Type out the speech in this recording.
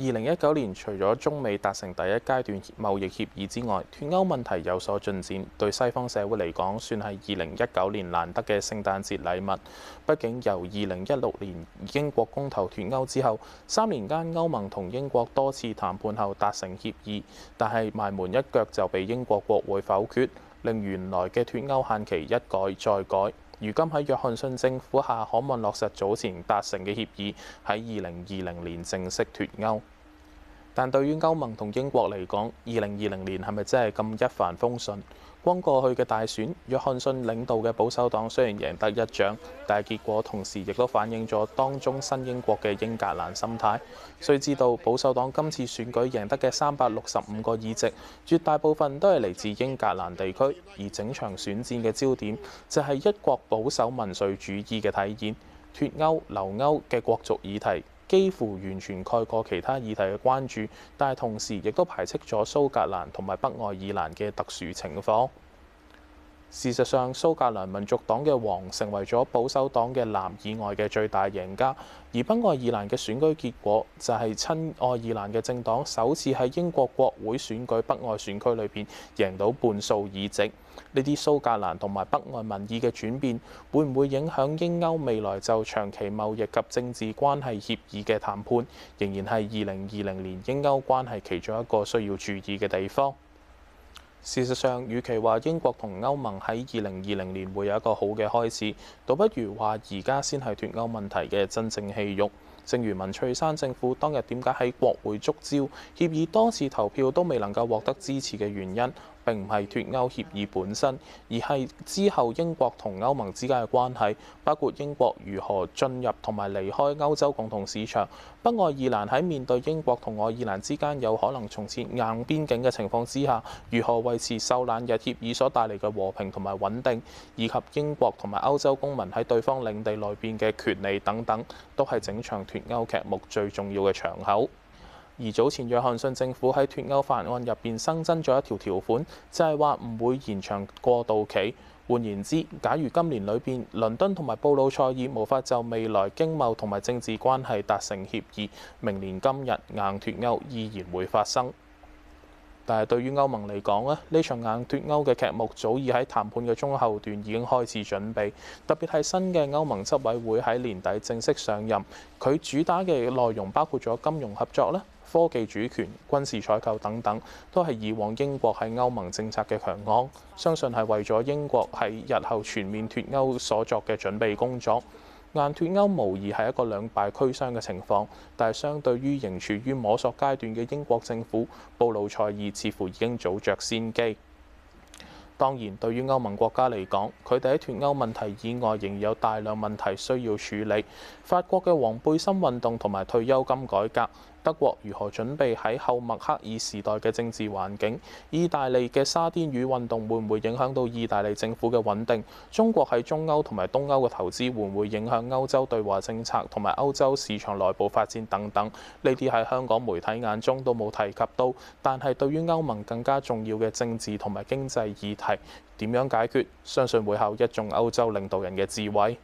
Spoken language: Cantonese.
二零一九年，除咗中美達成第一階段貿易協議之外，脫歐問題有所進展，對西方社會嚟講，算係二零一九年難得嘅聖誕節禮物。畢竟由二零一六年英國公投脫歐之後，三年間歐盟同英國多次談判後達成協議，但係埋門一腳就被英國國會否決，令原來嘅脫歐限期一改再改。如今喺約翰遜政府下，可望落實早前達成嘅協議，喺二零二零年正式脱歐。但對於歐盟同英國嚟講，二零二零年係咪真係咁一帆風順？剛過去嘅大選，約翰遜領導嘅保守黨雖然贏得一仗，但係結果同時亦都反映咗當中新英國嘅英格蘭心態。需知道保守黨今次選舉贏得嘅三百六十五個議席，絕大部分都係嚟自英格蘭地區，而整場選戰嘅焦點就係一國保守民粹主義嘅體現，脱歐留歐嘅國族議題，幾乎完全蓋過其他議題嘅關注，但係同時亦都排斥咗蘇格蘭同埋北愛爾蘭嘅特殊情況。事實上，蘇格蘭民族黨嘅王成為咗保守黨嘅南以外嘅最大贏家，而北愛爾蘭嘅選舉結果就係親愛爾蘭嘅政黨首次喺英國國會選舉北愛選區裏邊贏到半數議席。呢啲蘇格蘭同埋北愛民意嘅轉變，會唔會影響英歐未來就長期貿易及政治關係協議嘅談判，仍然係二零二零年英歐關係其中一個需要注意嘅地方。事實上，與其話英國同歐盟喺二零二零年會有一個好嘅開始，倒不如話而家先係脫歐問題嘅真正戲肉。正如文翠珊政府當日點解喺國會逐招協議多次投票都未能夠獲得支持嘅原因，並唔係脱歐協議本身，而係之後英國同歐盟之間嘅關係，包括英國如何進入同埋離開歐洲共同市場，北愛爾蘭喺面對英國同愛爾蘭之間有可能重設硬邊境嘅情況之下，如何維持受難日協議所帶嚟嘅和平同埋穩定，以及英國同埋歐洲公民喺對方領地內邊嘅權利等等，都係整場脱脱歐劇目最重要嘅場口，而早前約翰遜政府喺脱歐法案入邊新增咗一條條款，就係話唔會延長過渡期。換言之，假如今年裏邊倫敦同埋布魯塞爾無法就未來經貿同埋政治關係達成協議，明年今日硬脱歐依然會發生。但係對於歐盟嚟講咧，呢場硬脱歐嘅劇目早已喺談判嘅中後段已經開始準備，特別係新嘅歐盟執委會喺年底正式上任，佢主打嘅內容包括咗金融合作咧、科技主權、軍事採購等等，都係以往英國喺歐盟政策嘅強項，相信係為咗英國喺日後全面脱歐所作嘅準備工作。硬脫歐無疑係一個兩敗俱傷嘅情況，但係相對於仍處於摸索階段嘅英國政府，布魯塞爾似乎已經早着先機。當然，對於歐盟國家嚟講，佢哋喺脫歐問題以外，仍有大量問題需要處理。法國嘅黃背心運動同埋退休金改革，德國如何準備喺後默克爾時代嘅政治環境，意大利嘅沙甸魚運動會唔會影響到意大利政府嘅穩定？中國喺中歐同埋東歐嘅投資會唔會影響歐洲對華政策同埋歐洲市場內部發展等等？呢啲喺香港媒體眼中都冇提及到，但係對於歐盟更加重要嘅政治同埋經濟議題。係點樣解決？相信會考一眾歐洲領導人嘅智慧。